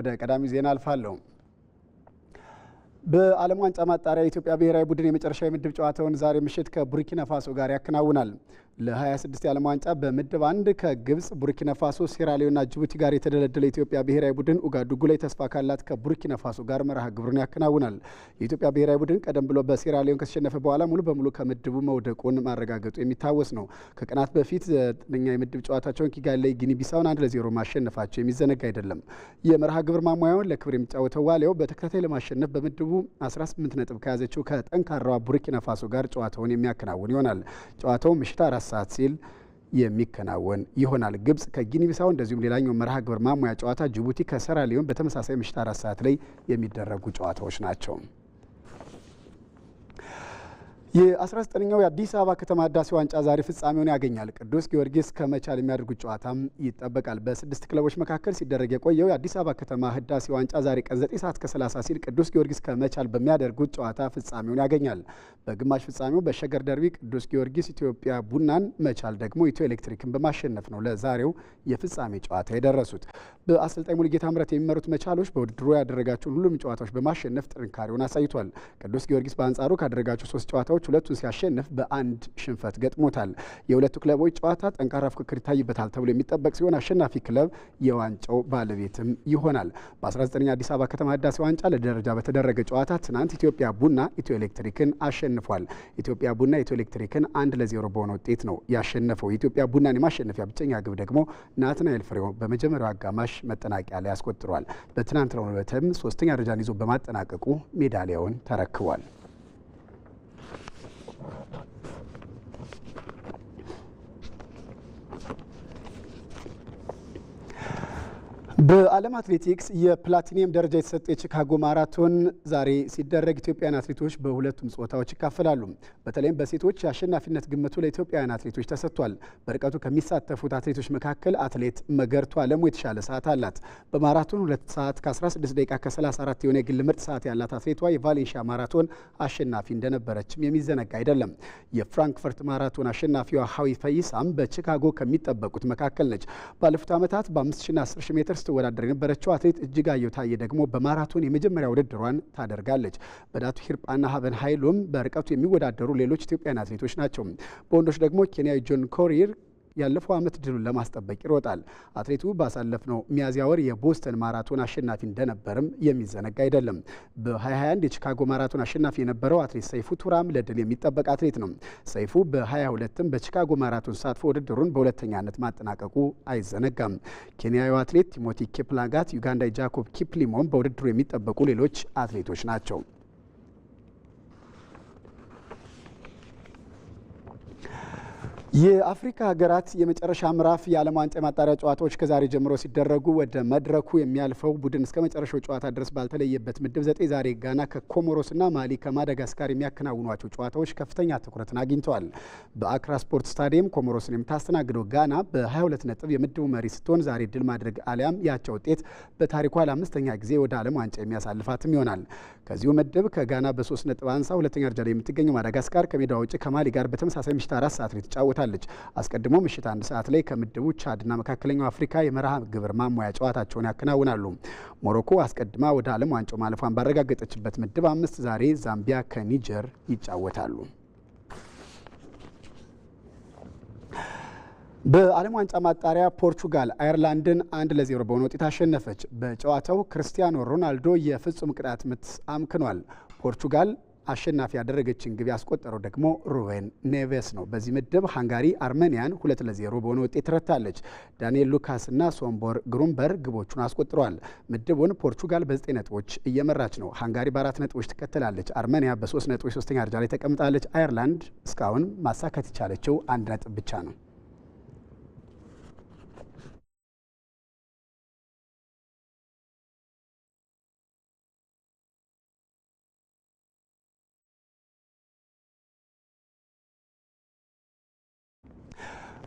ወደ ቀዳሚ ዜና አልፋለሁ። በዓለም ዋንጫ ማጣሪያ የኢትዮጵያ ብሔራዊ ቡድን የመጨረሻ የምድብ ጨዋታውን ዛሬ ምሽት ከቡርኪና ፋሶ ጋር ያከናውናል። ለ26 የዓለም ዋንጫ በምድብ አንድ ከግብፅ፣ ቡርኪና ፋሶ፣ ሴራሊዮና ጅቡቲ ጋር የተደለደለ የኢትዮጵያ ብሔራዊ ቡድን ኡጋዱጉ ላይ ተስፋ ካላት ከቡርኪና ፋሶ ጋር መርሃ ግብሩን ያከናውናል። የኢትዮጵያ ብሔራዊ ቡድን ቀደም ብሎ በሴራሊዮን ከተሸነፈ በኋላ ሙሉ በሙሉ ከምድቡ መውደቁን ማረጋገጡ የሚታወስ ነው። ከቀናት በፊት ዘጠነኛ የምድብ ጨዋታቸውን ኪጋሊ ላይ ጊኒ ቢሳውን አንድ ለዜሮ ማሸነፋቸው የሚዘነጋ አይደለም። የመርሃ ግብር ማሟያውን ለክብር የሚጫወተው ዋሊያው በተከታታይ ለማሸነፍ በምድቡ በምድቡ 18 ነጥብ ከያዘችው ከጠንካራዋ ቡርኪና ፋሶ ጋር ጨዋታውን የሚያከናውን ይሆናል። ጨዋታው ምሽት አራት ሰዓት ሲል የሚከናወን ይሆናል። ግብጽ ከጊኒቢሳው እንደዚሁም ሌላኛው መርሃ ግብር ማሙያ ጨዋታ ጅቡቲ ከሰራሊዮን በተመሳሳይ ምሽት አራት ሰዓት ላይ የሚደረጉ ጨዋታዎች ናቸው። የ19ኛው የአዲስ አበባ ከተማ ህዳሴ ዋንጫ ዛሬ ፍጻሜውን ያገኛል። ቅዱስ ጊዮርጊስ ከመቻል የሚያደርጉት ጨዋታም ይጠበቃል። በስድስት ክለቦች መካከል ሲደረግ የቆየው የአዲስ አበባ ከተማ ህዳሴ ዋንጫ ዛሬ ቀን 9 ሰዓት ከ30 ሲል ቅዱስ ጊዮርጊስ ከመቻል በሚያደርጉት ጨዋታ ፍጻሜውን ያገኛል። በግማሽ ፍጻሜው በሸገር ደርቢ ቅዱስ ጊዮርጊስ ኢትዮጵያ ቡናን፣ መቻል ደግሞ ኢትዮ ኤሌክትሪክን በማሸነፍ ነው ለዛሬው የፍጻሜ ጨዋታ የደረሱት። በአሰልጣኝ ሙሉጌታ ምረት የሚመሩት መቻሎች በውድድሩ ያደረጋቸውን ሁሉም ጨዋታዎች በማሸነፍ ጥንካሬውን አሳይቷል። ቅዱስ ጊዮርጊስ በአንጻሩ ካደረጋቸው ሶስት ጨዋታዎች ክለቦች ሁለቱን ሲያሸንፍ በአንድ ሽንፈት ገጥሞታል። የሁለቱ ክለቦች ጨዋታ ጠንካራ ፍክክር ይታይበታል ተብሎ የሚጠበቅ ሲሆን አሸናፊ ክለብ የዋንጫው ባለቤትም ይሆናል። በ19ኛ አዲስ አበባ ከተማ ህዳሴ ዋንጫ ለደረጃ በተደረገ ጨዋታ ትናንት ኢትዮጵያ ቡና ኢትዮ ኤሌክትሪክን አሸንፏል። ኢትዮጵያ ቡና ኢትዮ ኤሌክትሪክን አንድ ለዜሮ በሆነ ውጤት ነው ያሸነፈው። የኢትዮጵያ ቡናን የማሸነፊያ ብቸኛ ግብ ደግሞ ናትናኤል ፍሬው በመጀመሪያው አጋማሽ መጠናቂያ ላይ አስቆጥሯል። በትናንት ዕለትም ሶስተኛ ደረጃን ይዞ በማጠናቀቁ ሜዳሊያውን ተረክቧል። በዓለም አትሌቲክስ የፕላቲኒየም ደረጃ የተሰጠ የቺካጎ ማራቶን ዛሬ ሲደረግ ኢትዮጵያውያን አትሌቶች በሁለቱም ጾታዎች ይካፈላሉ። በተለይም በሴቶች የአሸናፊነት ግምቱ ለኢትዮጵያውያን አትሌቶች ተሰጥቷል። በርቀቱ ከሚሳተፉት አትሌቶች መካከል አትሌት መገርቱ አለሙ የተሻለ ሰዓት አላት። በማራቶን 2 ሰዓት ከ16 ደቂቃ ከ34 የሆነ የግል ምርጥ ሰዓት ያላት አትሌቷ የቫሌንሺያ ማራቶን አሸናፊ እንደነበረችም የሚዘነጋ አይደለም። የፍራንክፈርት ማራቶን አሸናፊዋ ሀዊ ፈይሳም በቺካጎ ከሚጠበቁት መካከል ነች። ባለፉት ዓመታት በ5000 ሜትር ስትወዳደር የነበረችው አትሌት እጅጋየሁ ታዬ ደግሞ በማራቶን የመጀመሪያ ውድድሯን ታደርጋለች። በዳቱ ሂርጳና ሀበን ሀይሉም በርቀቱ የሚወዳደሩ ሌሎች ኢትዮጵያን አትሌቶች ናቸው። በወንዶች ደግሞ ኬንያዊ ጆን ኮሪር ያለፈው ዓመት ድሉን ለማስጠበቅ ይሮጣል። አትሌቱ ባሳለፍነው ሚያዝያ ወር የቦስተን ማራቶን አሸናፊ እንደነበርም የሚዘነጋ አይደለም። በ2021 የቺካጎ ማራቶን አሸናፊ የነበረው አትሌት ሰይፉ ቱራም ለድል የሚጠበቅ አትሌት ነው። ሰይፉ በ22ም በቺካጎ ማራቶን ሳትፎ ውድድሩን በሁለተኛነት ማጠናቀቁ አይዘነጋም። ኬንያዊ አትሌት ቲሞቲ ኬፕላጋት፣ ዩጋንዳዊ ጃኮብ ኪፕሊሞን በውድድሩ የሚጠበቁ ሌሎች አትሌቶች ናቸው። የአፍሪካ ሀገራት የመጨረሻ ምዕራፍ የዓለም ዋንጫ የማጣሪያ ጨዋታዎች ከዛሬ ጀምሮ ሲደረጉ ወደ መድረኩ የሚያልፈው ቡድን እስከ መጨረሻው ጨዋታ ድረስ ባልተለየበት ምድብ ዘጠኝ ዛሬ ጋና ከኮሞሮስና ማሊ ከማዳጋስካር የሚያከናውኗቸው ጨዋታዎች ከፍተኛ ትኩረትን አግኝተዋል። በአክራ ስፖርት ስታዲየም ኮሞሮስን የምታስተናግደው ጋና በ22 ነጥብ የምድቡ መሪ ስትሆን ዛሬ ድል ማድረግ አሊያም ያቻ ውጤት በታሪኳ ለአምስተኛ ጊዜ ወደ ዓለም ዋንጫ የሚያሳልፋትም ይሆናል። ከዚሁ ምድብ ከጋና በ3 ነጥብ አንሳ ሁለተኛ ደረጃ ላይ የምትገኘው ማዳጋስካር ከሜዳ ውጭ ከማሊ ጋር በተመሳሳይ ምሽት አራት ሰዓት ላይ ተጫውታለች። አስቀድሞ ምሽት አንድ ሰዓት ላይ ከምድቡ ቻድና መካከለኛው አፍሪካ የመርሃ ግብር ማሟያ ጨዋታቸውን ያከናውናሉ። ሞሮኮ አስቀድማ ወደ ዓለም ዋንጫው ማለፏን ባረጋገጠችበት ምድብ አምስት ዛሬ ዛምቢያ ከኒጀር ይጫወታሉ። በዓለም ዋንጫ ማጣሪያ ፖርቹጋል አየርላንድን አንድ ለዜሮ በሆነ ውጤት አሸነፈች። በጨዋታው ክርስቲያኖ ሮናልዶ የፍጹም ቅጣት ምት አምክኗል። ፖርቹጋል አሸናፊ ያደረገችን ግብ ያስቆጠረው ደግሞ ሩቬን ኔቬስ ነው። በዚህ ምድብ ሃንጋሪ አርሜኒያን ሁለት ለዜሮ በሆነ ውጤት ረታለች። ዳንኤል ሉካስ እና ሶምቦር ግሩምበር ግቦቹን አስቆጥረዋል። ምድቡን ፖርቹጋል በ9 ነጥቦች እየመራች ነው። ሃንጋሪ በአራት ነጥቦች ትከተላለች። አርሜኒያ በሶስት ነጥቦች ሶስተኛ ደረጃ ላይ ተቀምጣለች። አየርላንድ እስካሁን ማሳካት የቻለችው አንድ ነጥብ ብቻ ነው።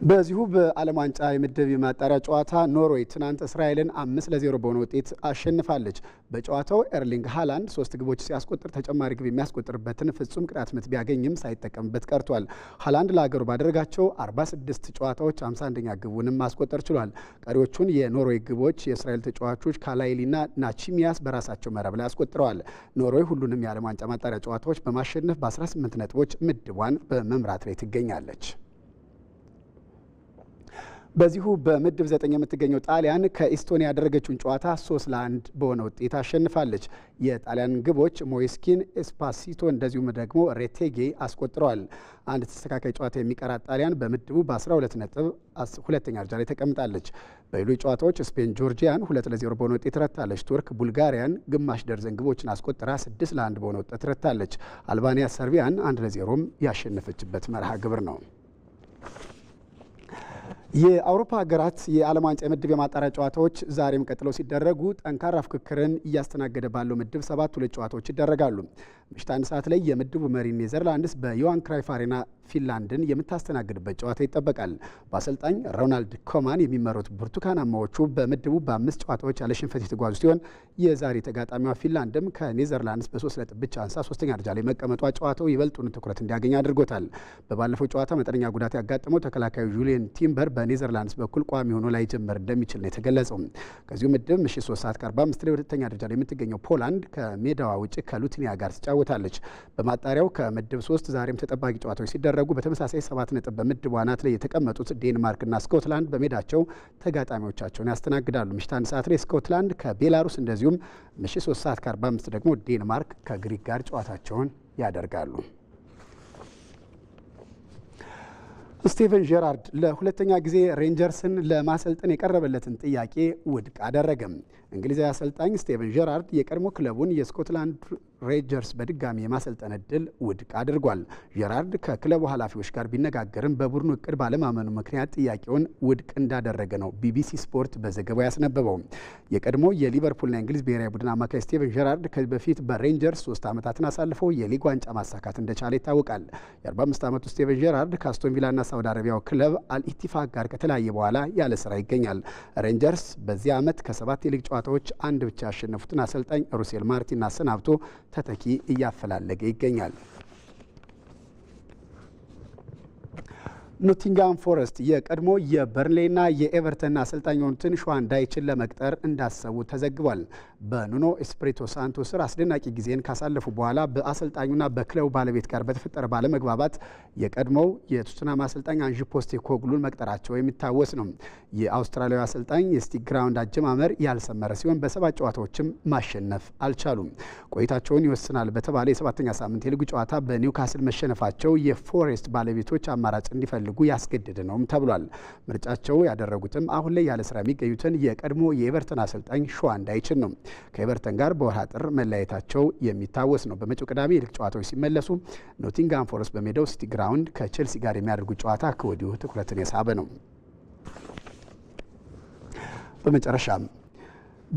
በዚሁ በዓለም ዋንጫ የምድብ የማጣሪያ ጨዋታ ኖርዌይ ትናንት እስራኤልን አምስት ለዜሮ በሆነ ውጤት አሸንፋለች። በጨዋታው ኤርሊንግ ሃላንድ ሶስት ግቦች ሲያስቆጥር ተጨማሪ ግብ የሚያስቆጥርበትን ፍጹም ቅጣት ምት ቢያገኝም ሳይጠቀምበት ቀርቷል። ሃላንድ ለሀገሩ ባደረጋቸው 46 ጨዋታዎች 51ኛ ግቡንም ማስቆጠር ችሏል። ቀሪዎቹን የኖርዌይ ግቦች የእስራኤል ተጫዋቾች ካላይሊና ናቺሚያስ በራሳቸው መረብ ላይ አስቆጥረዋል። ኖርዌይ ሁሉንም የዓለም ዋንጫ ማጣሪያ ጨዋታዎች በማሸነፍ በ18 ነጥቦች ምድቧን በመምራት ላይ ትገኛለች። በዚሁ በምድብ ዘጠኝ የምትገኘው ጣሊያን ከኢስቶኒያ ያደረገችውን ጨዋታ ሶስት ለአንድ በሆነ ውጤት አሸንፋለች። የጣሊያን ግቦች ሞይስኪን፣ ኤስፓሲቶ እንደዚሁም ደግሞ ሬቴጌ አስቆጥረዋል። አንድ ተስተካካይ ጨዋታ የሚቀራት ጣሊያን በምድቡ በ12 ነጥብ ሁለተኛ ደረጃ ላይ ተቀምጣለች። በሌሎች ጨዋታዎች ስፔን ጆርጂያን ሁለት ለዜሮ በሆነ ውጤት ረታለች። ቱርክ ቡልጋሪያን ግማሽ ደርዘን ግቦችን አስቆጥራ ስድስት ለአንድ በሆነ ውጤት ረታለች። አልባንያ ሰርቢያን አንድ ለዜሮም ያሸነፈችበት መርሃ ግብር ነው። የአውሮፓ ሀገራት የዓለም ዋንጫ የምድብ የማጣሪያ ጨዋታዎች ዛሬም ቀጥለው ሲደረጉ ጠንካራ ፍክክርን እያስተናገደ ባለው ምድብ ሰባት ሁለት ጨዋታዎች ይደረጋሉ። ምሽት አንድ ሰዓት ላይ የምድቡ መሪ ኔዘርላንድስ በዮሃን ክራይፍ አሬና ፊንላንድን የምታስተናግድበት ጨዋታ ይጠበቃል። በአሰልጣኝ ሮናልድ ኮማን የሚመሩት ብርቱካናማዎቹ በምድቡ በአምስት ጨዋታዎች ያለ ሽንፈት የተጓዙ ሲሆን የዛሬ ተጋጣሚዋ ፊንላንድም ከኔዘርላንድስ በሶስት ነጥብ ብቻ አንሳ ሶስተኛ ደረጃ ላይ መቀመጧ ጨዋታው ይበልጡን ትኩረት እንዲያገኝ አድርጎታል። በባለፈው ጨዋታ መጠነኛ ጉዳት ያጋጠመው ተከላካዩ ጁሊየን ቲምበር በኔዘርላንድስ በኩል ቋሚ ሆኖ ላይጀምር እንደሚችል ነው የተገለጸው። ከዚሁ ምድብ ምሽት 3 ሰዓት ከ አምስት ላይ ሁለተኛ ደረጃ ላይ የምትገኘው ፖላንድ ከሜዳዋ ውጭ ከሉትኒያ ጋር ትጫወታለች። በማጣሪያው ከምድብ ሶስት ዛሬም ተጠባቂ ጨዋታዎች ሲደረ ሲደረጉ በተመሳሳይ ሰባት ነጥብ በምድብ ዋናት ላይ የተቀመጡት ዴንማርክና ስኮትላንድ በሜዳቸው ተጋጣሚዎቻቸውን ያስተናግዳሉ። ምሽት አንድ ሰዓት ላይ ስኮትላንድ ከቤላሩስ እንደዚሁም ምሽት ሶስት ሰዓት ከ45 ደግሞ ዴንማርክ ከግሪክ ጋር ጨዋታቸውን ያደርጋሉ። ስቲቨን ጄራርድ ለሁለተኛ ጊዜ ሬንጀርስን ለማሰልጠን የቀረበለትን ጥያቄ ውድቅ አደረገም። እንግሊዛዊ አሰልጣኝ ስቲቨን ጄራርድ የቀድሞ ክለቡን የስኮትላንድ ሬንጀርስ በድጋሚ የማሰልጠን እድል ውድቅ አድርጓል። ጀራርድ ከክለቡ ኃላፊዎች ጋር ቢነጋገርም በቡድኑ እቅድ ባለማመኑ ምክንያት ጥያቄውን ውድቅ እንዳደረገ ነው ቢቢሲ ስፖርት በዘገባው ያስነበበው። የቀድሞ የሊቨርፑልና የእንግሊዝ ብሔራዊ ቡድን አማካይ ስቴቨን ጀራርድ ከዚህ በፊት በሬንጀርስ ሶስት ዓመታትን አሳልፎ የሊግ ዋንጫ ማሳካት እንደቻለ ይታወቃል። የ45 ዓመቱ ስቴቨን ጀራርድ ከአስቶን ቪላና ሳውዲ አረቢያው ክለብ አልኢቲፋቅ ጋር ከተለያየ በኋላ ያለ ስራ ይገኛል። ሬንጀርስ በዚህ ዓመት ከሰባት የሊግ ጨዋታዎች አንድ ብቻ ያሸነፉትን አሰልጣኝ ሩሴል ማርቲን አሰናብቶ ተተኪ እያፈላለገ ይገኛል። ኖቲንጋም ፎረስት የቀድሞ የበርንሌና የኤቨርተን አሰልጣኝ የሆኑትን ሹአን ዳይችን ለመቅጠር እንዳሰቡ ተዘግቧል። በኑኖ ኤስፕሪቶ ሳንቶ ስር አስደናቂ ጊዜን ካሳለፉ በኋላ በአሰልጣኙና በክለቡ ባለቤት ጋር በተፈጠረ ባለመግባባት የቀድሞው የቱትናም አሰልጣኝ አንዥ ፖስቴ ኮግሉን መቅጠራቸው የሚታወስ ነው። የአውስትራሊያዊ አሰልጣኝ የስቲክ ግራውንድ አጀማመር ያልሰመረ ሲሆን በሰባት ጨዋታዎችም ማሸነፍ አልቻሉም። ቆይታቸውን ይወስናል በተባለ የሰባተኛ ሳምንት የሊጉ ጨዋታ በኒውካስል መሸነፋቸው የፎሬስት ባለቤቶች አማራጭ እንዲፈልጉ እንዲያደርጉ ያስገደደ ነውም ተብሏል። ምርጫቸው ያደረጉትም አሁን ላይ ያለ ስራ የሚገኙትን የቀድሞ የኤቨርተን አሰልጣኝ ሸዋ እንዳይችን ነው። ከኤቨርተን ጋር በወርሃ ጥር መለያየታቸው የሚታወስ ነው። በመጪው ቅዳሜ የሊግ ጨዋታዎች ሲመለሱ ኖቲንግሃም ፎረስት በሜዳው ሲቲ ግራውንድ ከቼልሲ ጋር የሚያደርጉት ጨዋታ ከወዲሁ ትኩረትን የሳበ ነው። በመጨረሻም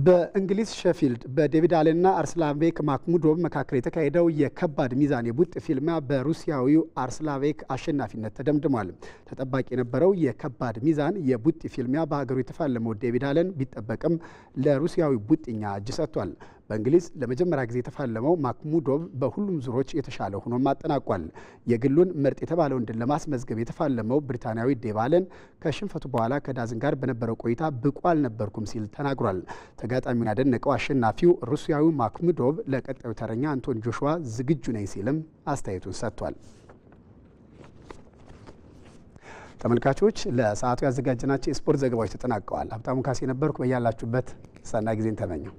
በእንግሊዝ ሼፊልድ በዴቪድ አሌንና አርስላቬክ ማክሙዶቭ መካከል የተካሄደው የከባድ ሚዛን የቡጥ ፊልሚያ በሩሲያዊው አርስላቬክ አሸናፊነት ተደምድሟል። ተጠባቂ የነበረው የከባድ ሚዛን የቡጥ ፊልሚያ በሀገሩ የተፋለመው ዴቪድ አሌን ቢጠበቅም ለሩሲያዊ ቡጥኛ እጅ ሰጥቷል። በእንግሊዝ ለመጀመሪያ ጊዜ የተፋለመው ማክሙዶቭ በሁሉም ዙሮች የተሻለ ሆኖም አጠናቋል። የግሉን ምርጥ የተባለውን ድል ለማስመዝገብ የተፋለመው ብሪታንያዊ ዴባለን ከሽንፈቱ በኋላ ከዳዝን ጋር በነበረው ቆይታ ብቁ አልነበርኩም ሲል ተናግሯል። ተጋጣሚውን ያደነቀው አሸናፊው ሩሲያዊ ማክሙዶቭ ለቀጣዩ ተረኛ አንቶን ጆሹዋ ዝግጁ ነኝ ሲልም አስተያየቱን ሰጥቷል። ተመልካቾች ለሰዓቱ ያዘጋጀናቸው የስፖርት ዘገባዎች ተጠናቀዋል። ሀብታሙ ካሴ ነበርኩ። በያላችሁበት ሰና ጊዜን ተመኘው።